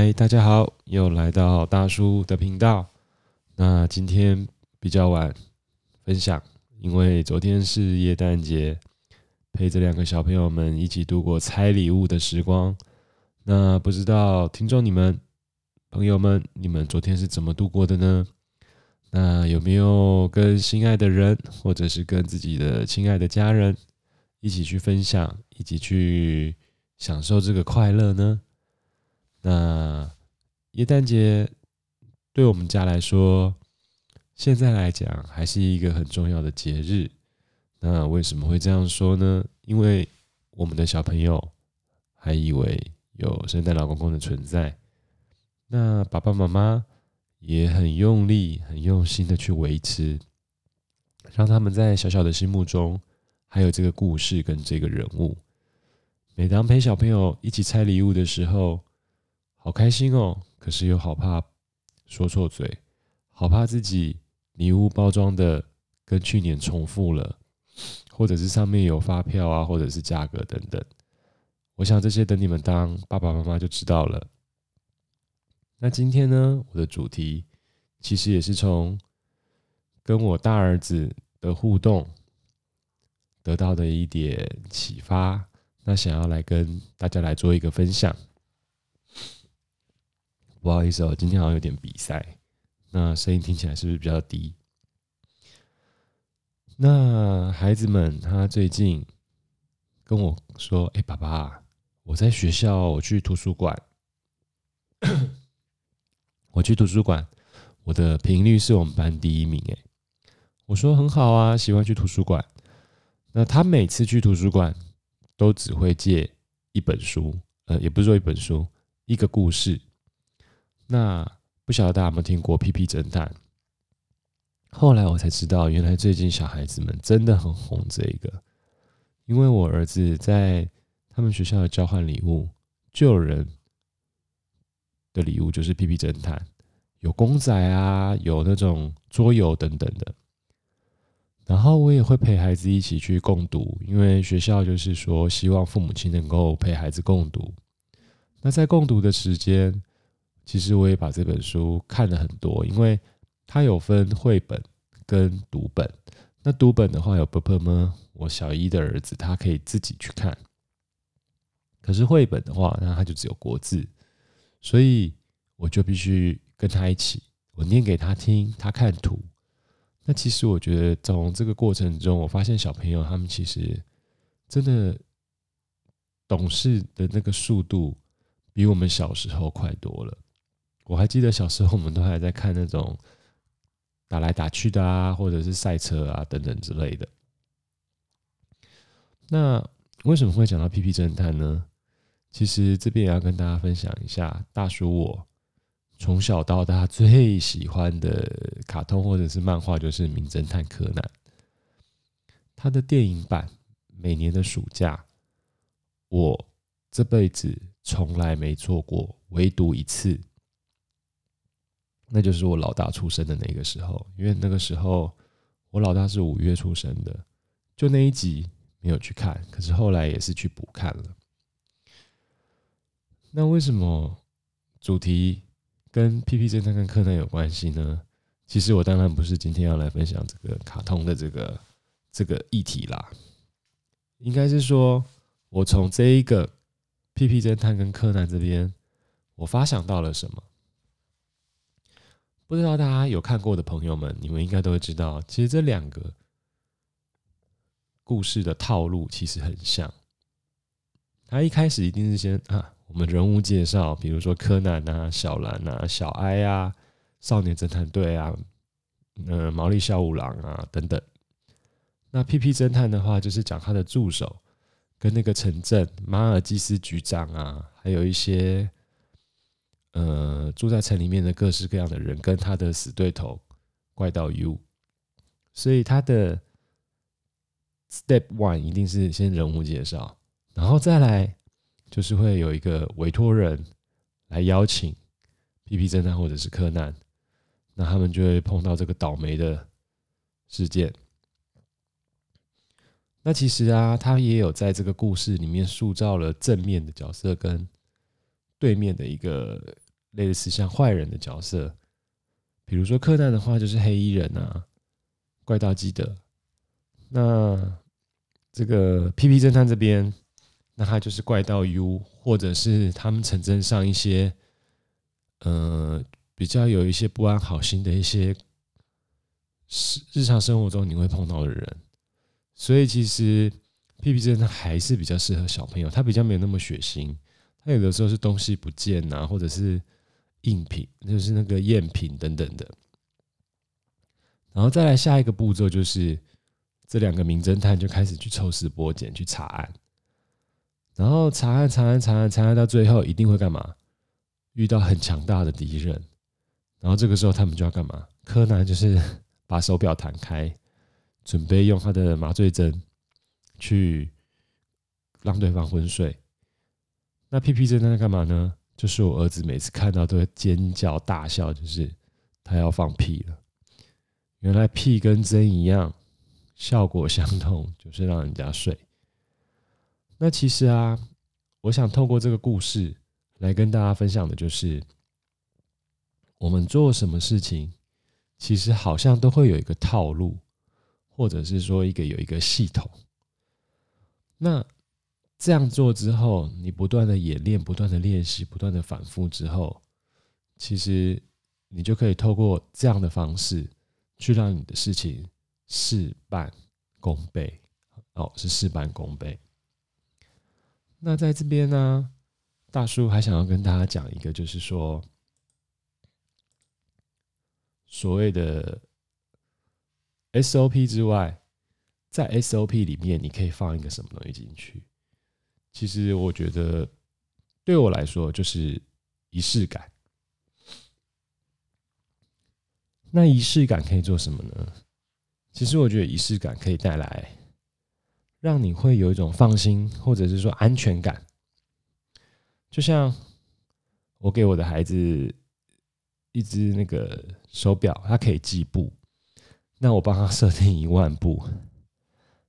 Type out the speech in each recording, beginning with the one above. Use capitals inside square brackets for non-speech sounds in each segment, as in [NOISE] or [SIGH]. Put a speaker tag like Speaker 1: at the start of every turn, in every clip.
Speaker 1: 嗨，大家好，又來到大叔的頻道。那今天比較晚分享，因為昨天是耶誕節，陪着兩個小朋友們一起度過猜禮物的時光。那不知道聽眾你們、朋友們，你們昨天是怎麼度過的呢？那有沒有跟心愛的人，或者是跟自己的親愛的家人，一起去分享，一起去享受這個快樂呢？那，耶誕節對我們家來說，現在來講還是一個很重要的節日。那為什麼會這樣說呢？因為我們的小朋友還以為有聖誕老公公的存在，那爸爸媽媽也很用力、很用心的去維持，讓他們在小小的心目中還有這個故事跟這個人物。每當陪小朋友一起拆禮物的時候，好開心哦，可是又好怕說錯嘴，好怕自己禮物包裝的跟去年重複了，或者是上面有發票啊，或者是價格等等。我想這些等你們當爸爸媽媽就知道了。那今天呢，我的主題其實也是從跟我大兒子的互動得到的一點啟發，那想要來跟大家來做一個分享。不好意思哦，今天好像有點比賽，那聲音聽起來是不是比較低？那孩子們，他最近跟我說：“哎、欸，爸爸，我在學校、哦，我去圖書館， [COUGHS] 我去圖書館，我的頻率是我們班第一名。”哎，我說很好啊，喜歡去圖書館。那他每次去圖書館都只會借一本書，呃，也不是說一本書，一個故事。那不曉得大家有沒有聽過屁屁偵探？後來我才知道，原來最近小孩子們真的很紅這一個，因為我兒子在他們學校的交換禮物，就有人的禮物就是屁屁偵探，有公仔啊，有那種桌遊等等的。然後我也會陪孩子一起去共讀，因為學校就是說希望父母親能夠陪孩子共讀。那在共讀的時間。其實我也把這本書看了很多，因為它有分繪本跟讀本。那讀本的話有 ㄅㄆㄇ，我小一的兒子他可以自己去看。可是繪本的話，那他就只有國字，所以我就必須跟他一起，我念給他聽，他看圖。那其實我覺得從這個過程中，我發現小朋友他們其實真的懂事的那個速度比我們小時候快多了。我還記得小時候，我們都還在看那種打來打去的啊，或者是賽車啊等等之類的。那為什麼會講到《屁屁偵探》呢？其實這邊也要跟大家分享一下，大叔我從小到大最喜歡的卡通或者是漫畫就是《名偵探柯南》。他的電影版每年的暑假，我這輩子從來沒錯過，唯獨一次。那就是我老大出生的那個時候，因為那個時候我老大是五月出生的，就那一集沒有去看，可是後來也是去補看了。那為什麼主題跟《屁屁偵探》跟柯南有關係呢？其實我當然不是今天要來分享這個卡通的這個這個議題啦，應該是說我從這一個《屁屁偵探》跟柯南這邊，我發想到了什麼。不知道大家有看過的朋友們，你們應該都會知道，其實這兩個故事的套路其實很像。他一開始一定是先啊，我們人物介紹，比如說柯南啊、小蘭啊、小哀啊、少年偵探隊啊、呃毛利小五郎啊等等。那屁屁偵探的話，就是講他的助手跟那個城鎮馬爾濟斯局長啊，還有一些。呃，住在城裡面的各式各樣的人，跟他的死對頭怪盜 U，所以他的 Step One 一定是先人物介紹，然後再來就是會有一個委托人來邀請屁屁偵探或者是柯南，那他們就會碰到這個倒霉的事件。那其實啊，他也有在這個故事裡面塑造了正面的角色跟。對面的一個類似像壞人的角色，比如說柯南的話就是黑衣人啊，怪盜基德。那這個屁屁偵探這邊，那他就是怪盜 U，或者是他們城鎮上一些，呃，比較有一些不安好心的一些是日常生活中你會碰到的人。所以其實屁屁偵探還是比較適合小朋友，他比較沒有那麼血腥。那有的時候是東西不見吶、啊，或者是贗品，就是那個贗品等等的。然後再來下一個步驟，就是這兩個名偵探就開始去抽絲剝繭去查案，然後查案查案查案查案，查案到最後一定會幹嘛？遇到很強大的敵人，然後這個時候他們就要幹嘛？柯南就是把手錶彈開，準備用他的麻醉針去讓對方昏睡。那屁屁偵探在那幹嘛呢？就是我兒子每次看到都會尖叫大笑，就是他要放屁了。原來屁跟針一樣，效果相同，就是讓人家睡。那其實啊，我想透過這個故事來跟大家分享的就是，我們做什麼事情，其實好像都會有一個套路，或者是說一個有一個系統。那。這樣做之後，你不斷的演練、不斷的練習、不斷的反覆之後，其實你就可以透過這樣的方式去讓你的事情事半功倍。哦，是事半功倍。那在這邊呢、啊，大叔還想要跟大家講一個，就是說所謂的 SOP 之外，在 SOP 裡面你可以放一個什麼東西進去？其實我覺得，對我來說就是儀式感。那儀式感可以做什麼呢？其實我覺得儀式感可以帶來，讓你會有一種放心，或者是說安全感。就像我給我的孩子一隻那個手錶，它可以計步，那我幫他設定一萬步。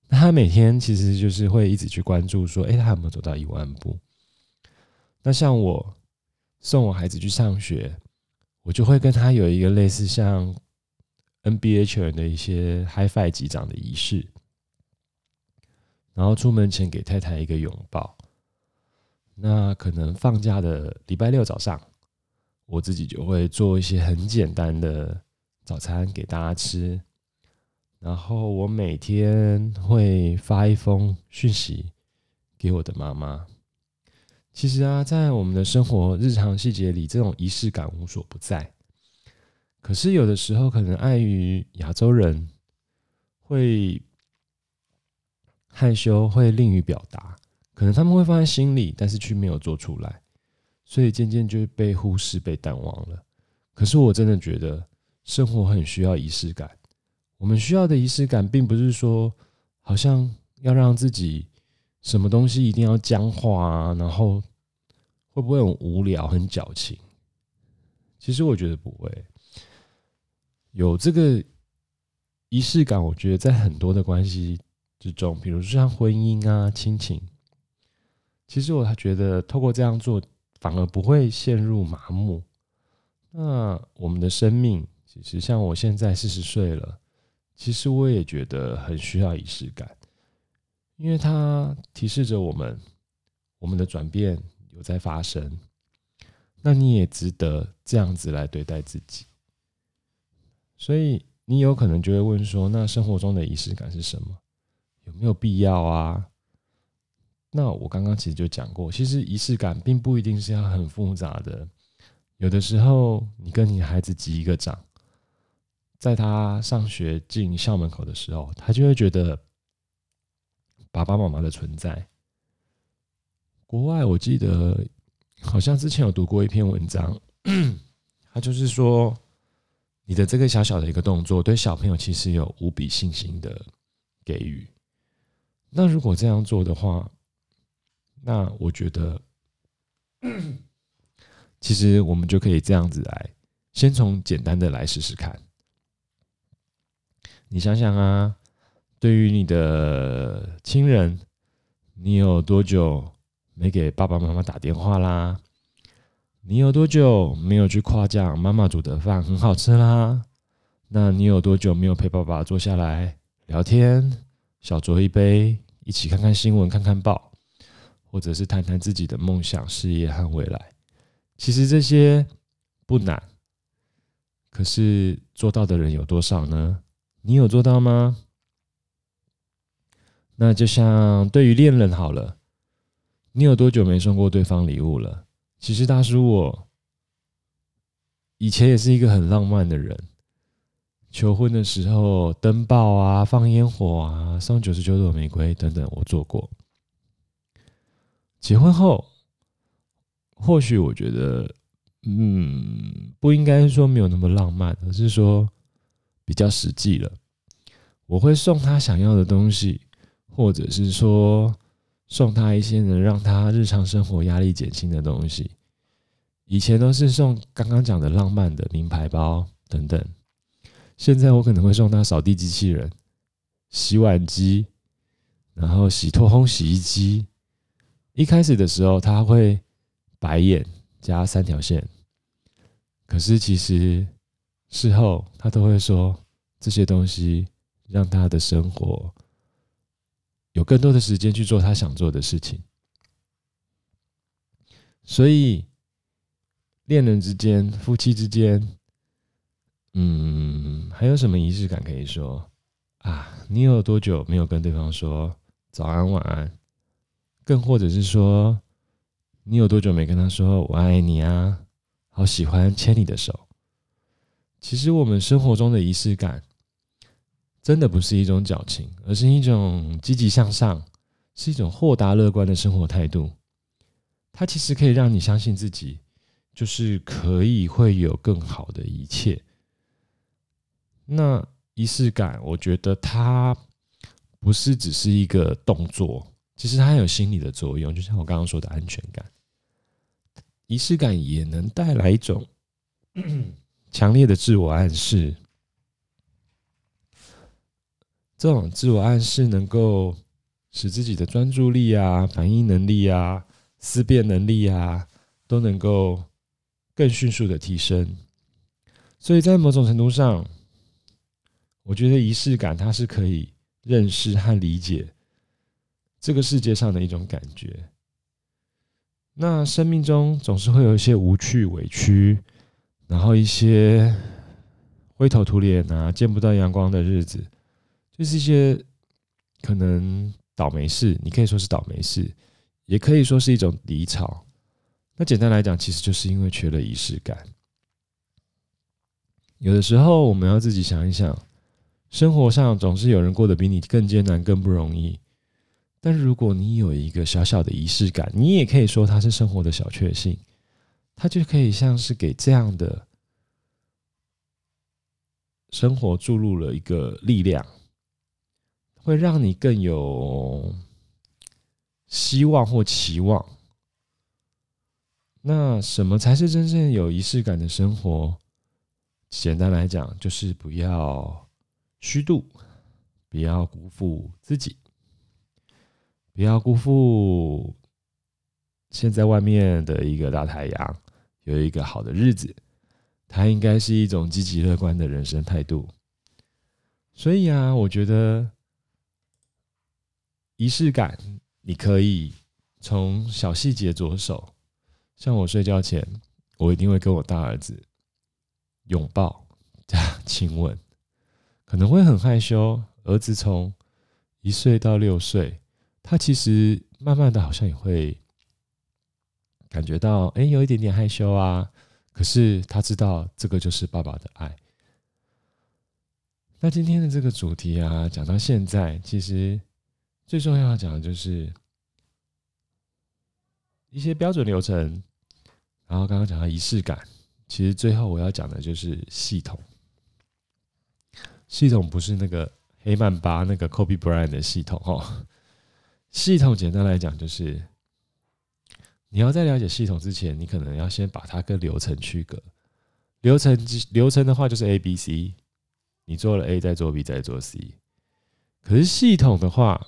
Speaker 1: 那他每天其實就是會一直去關注說，哎、欸，他有沒有走到一萬步？那像我送我孩子去上學，我就會跟他有一個類似像 NBA 球員的一些 high five 擊掌的儀式，然後出門前給太太一個擁抱。那可能放假的禮拜六早上，我自己就會做一些很簡單的早餐給大家吃。然後我每天會發一封訊息給我的媽媽。其實啊，在我們的生活日常細節裡，這種儀式感無所不在。可是有的時候，可能礙於亞洲人會害羞，會吝於表達，可能他們會放在心裡，但是卻沒有做出來，所以漸漸就被忽視、被淡忘了。可是我真的覺得，生活很需要儀式感。我們需要的儀式感，並不是說好像要讓自己什麼東西一定要僵化啊，然後會不會很無聊、很矯情？其實我覺得不會。有這個儀式感，我覺得在很多的關係之中，比如說像婚姻啊、親情，其實我還覺得透過這樣做，反而不會陷入麻木。那我們的生命，其實像我現在四十歲了。其實我也覺得很需要儀式感，因為它提示着我們，我們的轉變有在發生，那你也值得這樣子來對待自己。所以你有可能就會問說，那生活中的儀式感是什麼？有沒有必要啊？那我剛剛其實就講過，其實儀式感並不一定是要很複雜的，有的時候你跟你孩子擊一個掌。在他上學進校門口的時候，他就會覺得爸爸媽媽的存在。國外我記得好像之前有讀過一篇文章， [COUGHS] 他就是說你的這個小小的一個動作，對小朋友其實有無比信心的給予。那如果這樣做的話，那我覺得， [COUGHS] 其實我們就可以這樣子來，先從簡單的來試試看。你想想啊，對於你的親人，你有多久沒給爸爸媽媽打電話啦？你有多久沒有去誇獎媽媽煮的飯很好吃啦？那你有多久沒有陪爸爸坐下來聊天，小酌一杯，一起看看新聞、看看報，或者是談談自己的夢想、事業和未來？其實這些不難，可是做到的人有多少呢？你有做到嗎？那就像對於戀人好了，你有多久沒送過對方禮物了？其實大叔我以前也是一個很浪漫的人，求婚的時候登報啊，放煙火啊，送九十九朵玫瑰等等，我做過。結婚後，或許我覺得，嗯，不應該說沒有那麼浪漫，而是說。比較實際了，我會送他想要的東西，或者是說送他一些能讓他日常生活壓力減輕的東西。以前都是送剛剛講的浪漫的名牌包等等，現在我可能會送他掃地機器人、洗碗機，然後洗脫烘洗衣機。一開始的時候，他會白眼加三條線，可是其實。事後他都會說這些東西讓他的生活有更多的時間去做他想做的事情。所以戀人之間、夫妻之間，嗯，還有什麼儀式感可以說啊？你有多久沒有跟對方說早安、晚安？更或者是說，你有多久沒跟他說“我愛你”啊，好喜歡牽你的手。其實我們生活中的儀式感，真的不是一種矯情，而是一種積極向上，是一種豁達樂觀的生活態度。它其實可以讓你相信自己，就是可以會有更好的一切。那儀式感，我覺得它不是只是一個動作，其實它還有心理的作用，就像我剛剛說的安全感。儀式感也能帶來一種。強烈的自我暗示，這種自我暗示能夠使自己的專注力啊、反應能力啊、思辨能力啊都能夠更迅速的提升。所以在某種程度上，我覺得儀式感它是可以認識和理解這個世界上的一種感覺。那生命中總是會有一些無趣、委屈。然後一些灰頭土臉啊，見不到陽光的日子，就是一些可能倒霉事。你可以說是倒霉事，也可以說是一種離潮。那簡單來講，其實就是因為缺了儀式感。有的時候我們要自己想一想，生活上總是有人過得比你更艱難、更不容易。但如果你有一個小小的儀式感，你也可以說它是生活的小確幸。它就可以像是給這樣的生活注入了一個力量，會讓你更有希望或期望。那什麼才是真正有儀式感的生活？簡單來講，就是不要虛度，不要辜負自己，不要辜負現在外面的一個大太陽。有一個好的日子，它應該是一種積極樂觀的人生態度。所以啊，我覺得儀式感，你可以從小細節着手。像我睡覺前，我一定會跟我大兒子擁抱加親吻，可能會很害羞。兒子從一歲到六歲，他其實慢慢的好像也會。感覺到哎、欸，有一點點害羞啊。可是他知道這個就是爸爸的愛。那今天的這個主題啊，講到現在，其實最重要講的就是一些標準流程。然後剛剛講到儀式感，其實最後我要講的就是系統。系統不是那個黑曼巴那個 Kobe Bryant 的系統哦。系統簡單來講就是。你要在了解系統之前，你可能要先把它跟流程區隔。流程、流程的話就是 A、B、C，你做了 A，再做 B，再做 C。可是系統的話，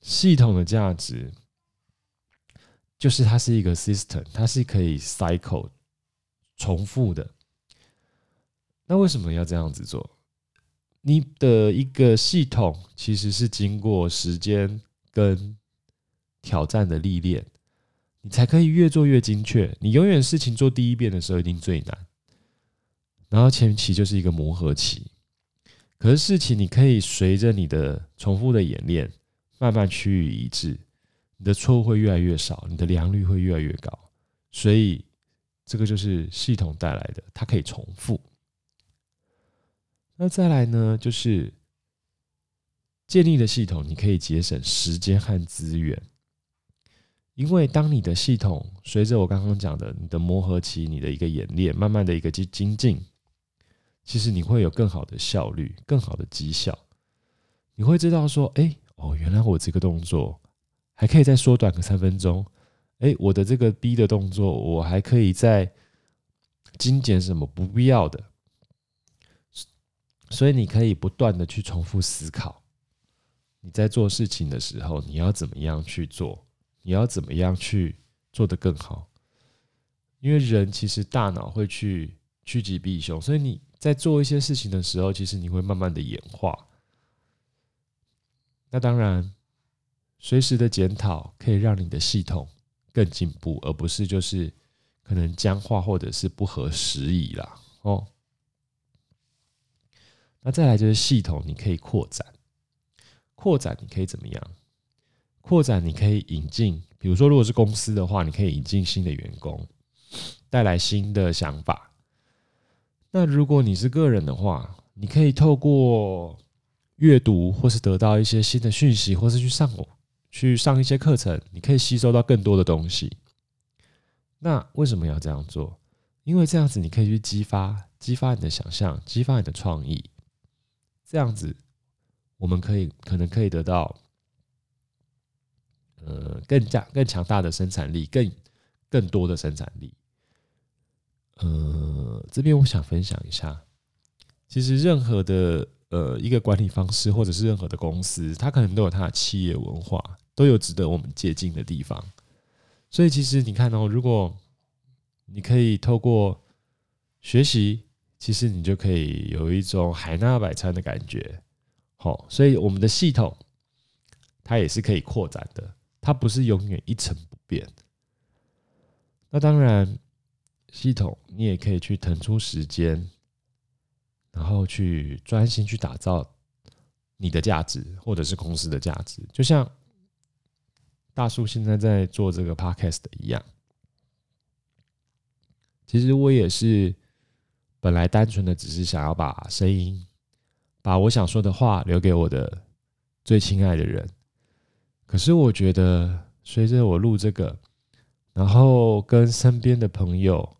Speaker 1: 系統的價值就是它是一個 system，它是可以 cycle 重複的。那為什麼要這樣子做？你的一個系統其實是經過時間跟挑戰的歷練。你才可以越做越精確。你永遠事情做第一遍的時候一定最難，然後前期就是一個磨合期。可是事情你可以隨着你的重複的演練，慢慢趨於一致，你的錯誤會越來越少，你的良率會越來越高。所以這個就是系統帶來的，它可以重複。那再來呢，就是建立的系統，你可以節省時間和資源。因為當你的系統隨着我剛剛講的你的磨合期、你的一個演練，慢慢的一個去精進，其實你會有更好的效率、更好的績效。你會知道說，哎、欸，哦，原來我這個動作還可以再縮短個三分鐘。哎、欸，我的這個 B 的動作，我還可以再精簡什麼不必要的。所以你可以不斷的去重複思考，你在做事情的時候，你要怎麼樣去做？你要怎麼樣去做得更好？因為人其實大腦會去趨吉避凶，所以你在做一些事情的時候，其實你會慢慢的演化。那當然，隨時的檢討可以讓你的系統更進步，而不是就是可能僵化或者是不合時宜啦。哦，那再來就是系統，你可以擴展，擴展你可以怎麼樣？擴展，你可以引進，比如說，如果是公司的話，你可以引進新的員工，帶來新的想法。那如果你是個人的話，你可以透過閱讀，或是得到一些新的訊息，或是去上網，去上一些課程，你可以吸收到更多的東西。那為什麼要這樣做？因為這樣子，你可以去激發、激發你的想象、激發你的創意。這樣子，我們可以可能可以得到。呃，更加更強大的生產力，更更多的生產力。呃，這邊我想分享一下，其實任何的呃一個管理方式，或者是任何的公司，它可能都有它的企業文化，都有值得我們借鑑的地方。所以，其實你看哦，如果你可以透過學習，其實你就可以有一種海納百川的感覺。好，哦，所以我們的系統它也是可以擴展的。它不是永遠一成不變。那當然，系統你也可以去騰出時間，然後去專心去打造你的價值，或者是公司的價值。就像大叔現在在做這個 podcast 一樣，其實我也是本來單純的，只是想要把聲音，把我想說的話留給我的最親愛的人。可是我覺得，隨着我錄這個，然後跟身邊的朋友，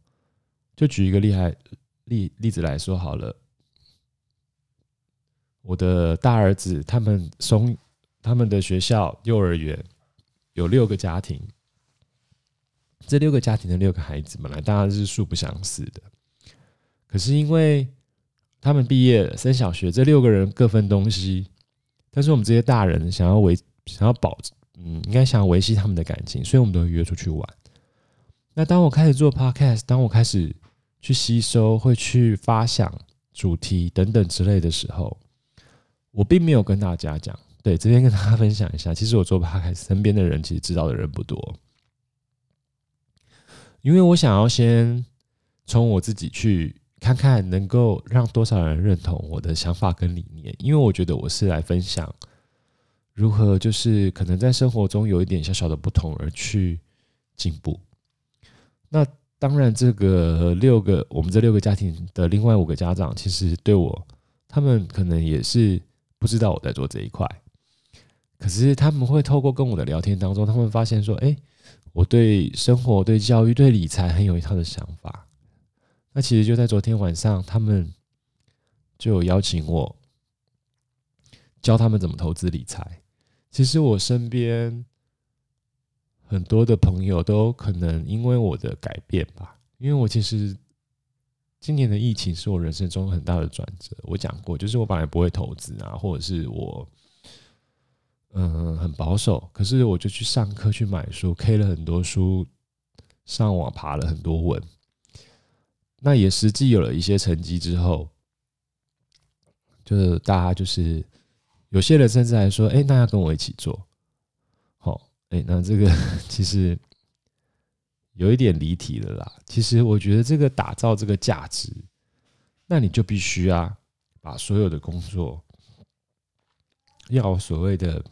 Speaker 1: 就舉一個厲害例例子來說好了。我的大兒子他們從他們的學校幼兒園有六個家庭，這六個家庭的六個孩子本來大家是素不相識的，可是因為他們畢業升小學，這六個人各奔東西，但是我們這些大人想要維。想要保，嗯，應該想要維繫他們的感情，所以我們都會約出去玩。那當我開始做 podcast，當我開始去吸收、會去發想主題等等之類的時候，我並沒有跟大家講。對，這邊跟大家分享一下，其實我做 podcast 身邊的人，其實知道的人不多，因為我想要先從我自己去看看能夠讓多少人認同我的想法跟理念。因為我覺得我是來分享。如何就是可能在生活中有一點小小的不同而去進步？那當然，這個和六個我們這六個家庭的另外五個家長，其實對我他們可能也是不知道我在做這一塊。可是他們會透過跟我的聊天當中，他們發現說：“哎，我對生活、對教育、對理財很有一套的想法。”那其實就在昨天晚上，他們就有邀請我教他們怎麼投資理財。其實我身邊很多的朋友都可能因為我的改變吧，因為我其實今年的疫情是我人生中很大的轉折。我講過，就是我本來不會投資啊，或者是我嗯很保守，可是我就去上課去買書，K 了很多書，上網爬了很多文，那也實際有了一些成績之後，就是大家就是。有些人甚至還說：“哎、欸，那要跟我一起做，好、哦，哎、欸，那這個其實有一點離題的啦。其實我覺得這個打造這個價值，那你就必須啊，把所有的工作，要所謂的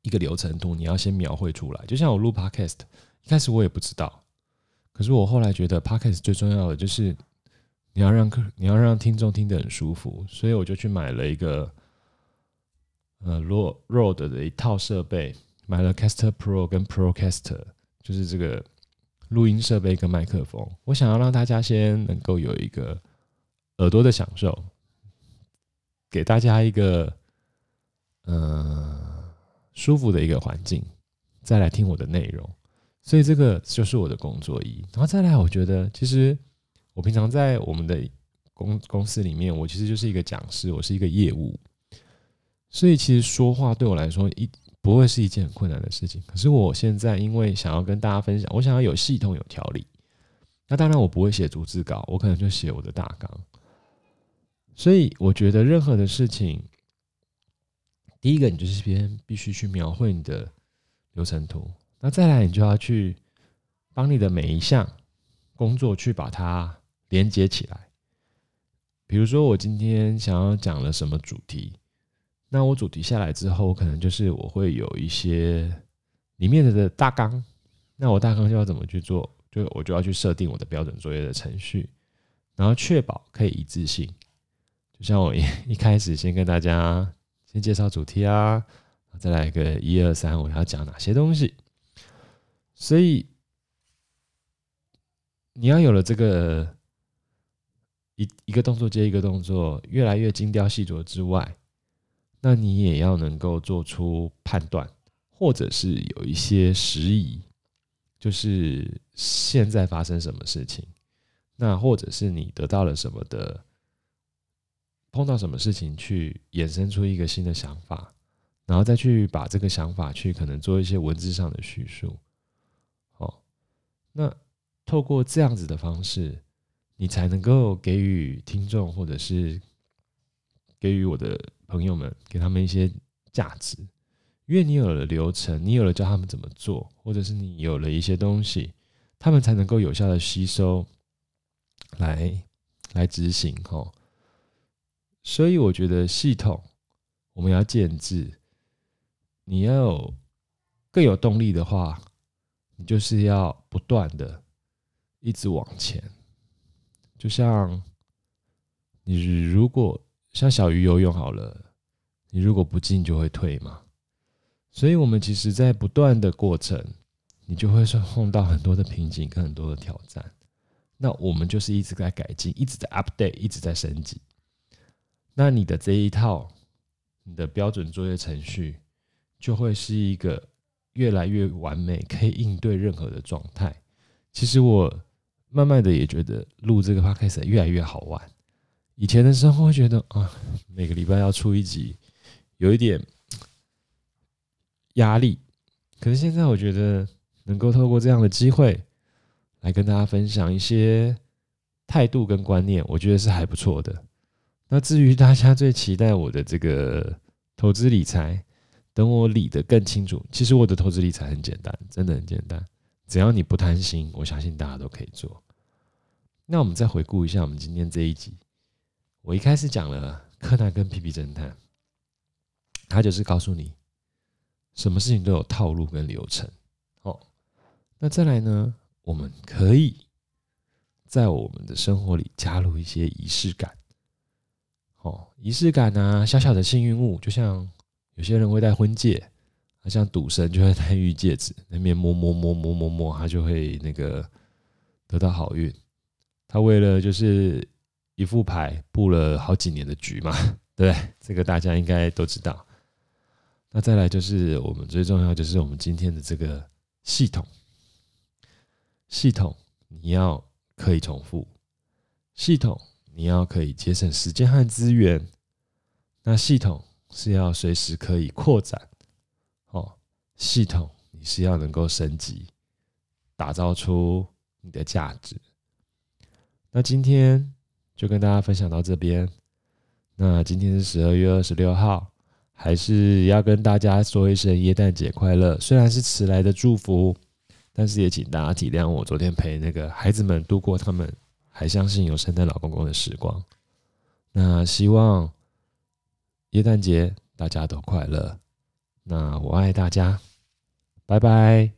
Speaker 1: 一個流程圖，你要先描繪出來。就像我錄 Podcast，一開始我也不知道，可是我後來覺得 Podcast 最重要的就是你要讓客，你要讓聽眾聽得很舒服，所以我就去買了一個。”呃，洛 Road 的一套設備，買了 Caster Pro 跟 ProCaster，就是這個錄音設備跟麥克風。我想要讓大家先能夠有一個耳朵的享受，給大家一個嗯、呃、舒服的一個環境，再來聽我的內容。所以這個就是我的工作意義。然後再來，我覺得其實我平常在我們的公公司裡面，我其實就是一個講師，我是一個業務。所以，其實說話對我來說一不會是一件很困難的事情。可是，我現在因為想要跟大家分享，我想要有系統、有條理。那當然，我不會寫逐字稿，我可能就寫我的大綱。所以，我覺得任何的事情，第一個，你就是先必須去描繪你的流程圖。那再來，你就要去幫你的每一項工作去把它連接起來。比如說，我今天想要講了什麼主題？那我主題下來之後，我可能就是我會有一些裡面的的大綱。那我大綱就要怎麼去做？就我就要去設定我的標準作業的程序，然後確保可以一致性。就像我一開始先跟大家先介紹主題啊，再來一個一二三，我要講哪些東西。所以你要有了這個一一個動作接一個動作，越來越精雕細琢之外。那你也要能夠做出判斷，或者是有一些時宜，就是現在發生什麼事情，那或者是你得到了什麼的，碰到什麼事情去衍生出一個新的想法，然後再去把這個想法去可能做一些文字上的敘述，哦，那透過這樣子的方式，你才能夠給予聽眾或者是。給予我的朋友們，給他們一些價值，因為你有了流程，你有了教他們怎麼做，或者是你有了一些東西，他們才能夠有效的吸收來，來來執行哦。所以我覺得系統我們要建制，你要有更有動力的話，你就是要不斷的一直往前，就像你如果。像小魚游泳好了，你如果不進就會退嘛。所以，我們其實，在不斷的過程，你就會碰到很多的瓶頸跟很多的挑戰。那我們就是一直在改進，一直在 update，一直在升級。那你的這一套，你的標準作業程序，就會是一個越來越完美，可以應對任何的狀態。其實，我慢慢的也覺得錄這個 podcast 越來越好玩。以前的時候會覺得啊，每個禮拜要出一集，有一點壓力。可是現在我覺得能夠透過這樣的機會來跟大家分享一些態度跟觀念，我覺得是還不錯的。那至於大家最期待我的這個投資理財，等我理得更清楚。其實我的投資理財很簡單，真的很簡單。只要你不貪心，我相信大家都可以做。那我們再回顧一下我們今天這一集。我一開始講了柯南跟屁屁偵探，他就是告訴你，什麼事情都有套路跟流程。哦，那再來呢，我們可以在我們的生活裡加入一些儀式感。哦，儀式感啊，小小的幸運物，就像有些人會戴婚戒，啊，像賭神就會戴玉戒指，那邊摸摸摸摸摸摸，他就會那個得到好運。他為了就是。一副牌布了好幾年的局嘛，對不對？這個大家應該都知道。那再來就是我們最重要，就是我們今天的這個系統。系統你要可以重複，系統你要可以節省時間和資源。那系統是要隨時可以擴展，哦，系統你是要能夠升級，打造出你的價值。那今天。就跟大家分享到這邊。那今天是十二月二十六號，還是要跟大家說一聲耶誕節快樂。雖然是遲來的祝福，但是也請大家體諒我，昨天陪那個孩子們度過他們還相信有聖誕老公公的時光。那希望耶誕節大家都快樂。那我愛大家，拜拜。